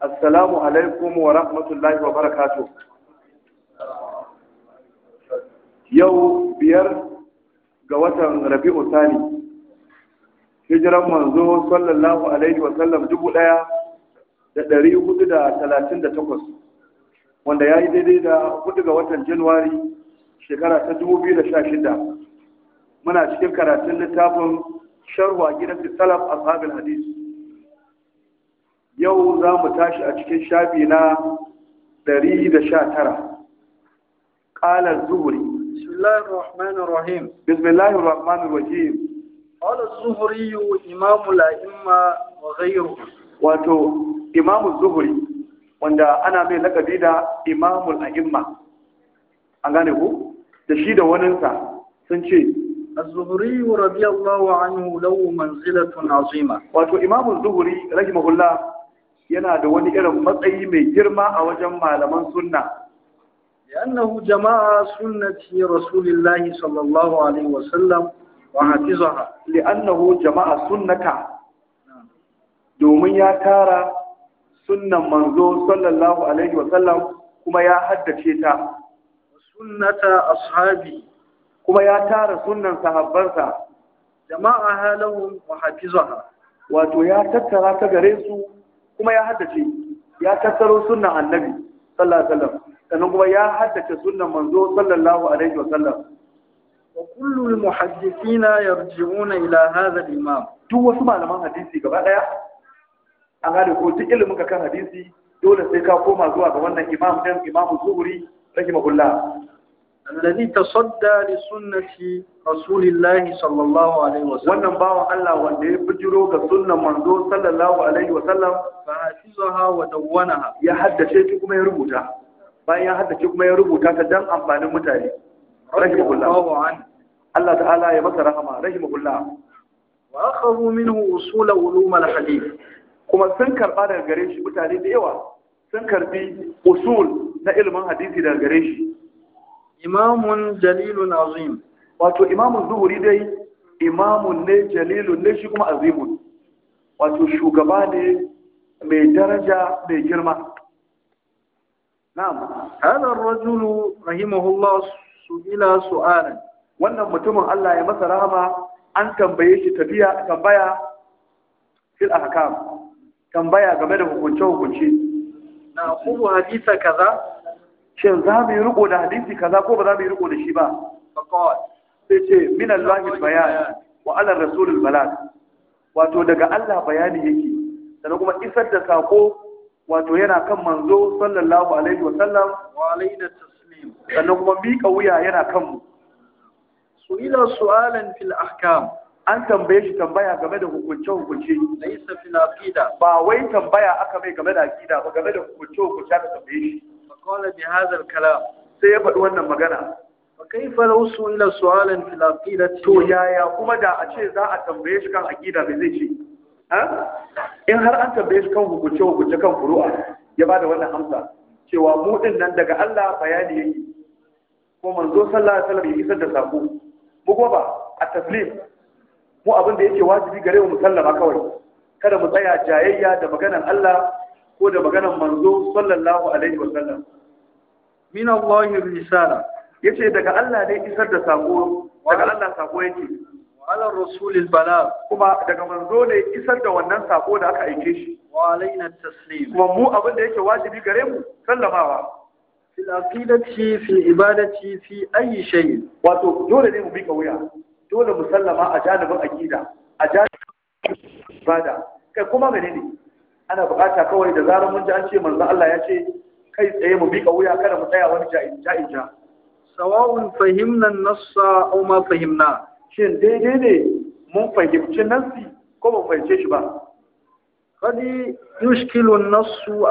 assalamu alaikum wa rahmatullahi wa barakatuh yau biyar ga watan rabi'u Sani, hijiran manzo sallallahu alaihi wa sallam dubu ɗaya da ɗari hudu da talatin da takwas wanda ya yi daidai da hudu ga watan januwari shekara ta dubu biyu da sha shida muna cikin karatun littafin sharwa gidan salaf ashabul hadis yau za mu tashi a cikin shafi na 119 ƙalar zuhuri bismillahir rahmanir rahim ƙalar zuhuri imamu la'imma wa zairu wato imamu zuhuri wanda ana mai lakabi da imamul la'imma an gane ku da shi da waninsa sun ce الزهري رضي الله عنه له منزلة عظيمة إمام الزهري رحمه الله yana da wani irin matsayi mai girma a wajen malaman sunna لأنه جماعة سنة رسول الله صلى الله عليه وسلم وحفظها لأنه جماعة سنة domin ya tara sunnan manzo sallallahu alaihi wasallam kuma ya haddace ta sunnata ashabi kuma ya tara sunnan sahabbansa jama'a halahum wa hafizaha wato ya tattara ta gare su kuma ya haddace ya tattaro sunnan annabi sallallahu alaihi wasallam sannan kuma ya haddace sunnan manzo sallallahu alaihi wasallam wa kullu muhaddisina yarji'una ila hadha al-imam duk wasu malaman hadisi gaba daya an gane ko duk ilimin ka kan hadisi dole sai ka koma zuwa ga wannan imam din imamu zuhuri rahimahullah الذي تصدى لسنة رسول الله صلى الله عليه وسلم wannan bawan Allah wanda ya bijiro ga sunnan manzo sallallahu alaihi wa dawwanaha ya haddace ta kuma ya ya haddace kuma ya rubuta ta dan amfanin mutane Allah ta'ala ya masa rahama rahimahullah wa akhadhu minhu usul ulum al-hadith kuma sun karba daga shi mutane da yawa sun karɓi usul na ilimin hadisi daga gare shi imamun jalilun azim wato imamun zuhuri dai imamun ne jalilun ne shi kuma azimun wato shugaba ne mai daraja mai girma na'am hada rajulu rahimahullah su'ila su'ala wannan mutumin Allah ya masa rahama an tambaye shi tafiya tambaya fil ahkam tambaya game da hukunce hukunce na kuma hadisa kaza shin za mu yi riko da hadisi kaza ko ba za mu yi riko da shi ba sai ce min Allah bayan wa ala rasulul balad wato daga Allah bayani yake sannan kuma isar da sako wato yana kan manzo sallallahu alaihi wa sallam wa alaihi taslim sannan kuma miƙa wuya yana kan mu su ila su'alan fil ahkam an tambaye shi tambaya game da hukunce hukunce laysa fil aqida ba wai tambaya aka mai game da aqida ba game da hukunce hukunce aka tambaye shi qala bi hadha al sai ya faɗi wannan magana fa kaifa law su'ila su'alan fil aqida to yaya kuma da a ce za a tambaye shi kan aqida me zai ce in har an tambaye shi kan hukunce hukunce kan furu'a ya bada wannan amsa cewa mu din nan daga Allah bayani yake ko manzo sallallahu alaihi wasallam ya isar da sako mu kuma ba a taslim mu abin da yake wajibi gare mu sallama kawai kada mu tsaya jayayya da maganar Allah ko da maganar manzo sallallahu alaihi wasallam min Allah risala yace daga Allah ne isar da sako daga Allah sako yake ala rasulil bala kuma daga manzo ne isar da wannan sako da aka aike shi wa alaina taslim kuma mu abin da yake wajibi gare mu sallamawa fil aqidati fi ibadati fi ayi shay wato dole ne mu bi kauya dole mu sallama a janibin aqida a janibin ibada kai kuma menene ne ana bukata kawai da zarar mun ji an ce manzo Allah ya ce kai tsaye mu bi wuya kada mu tsaya wani ja'in ja'in ja sawa'un fahimna nassa aw ma fahimna shin daidai ne mun fahimci nassi ko ba fahimce shi ba kadi yushkilu nassu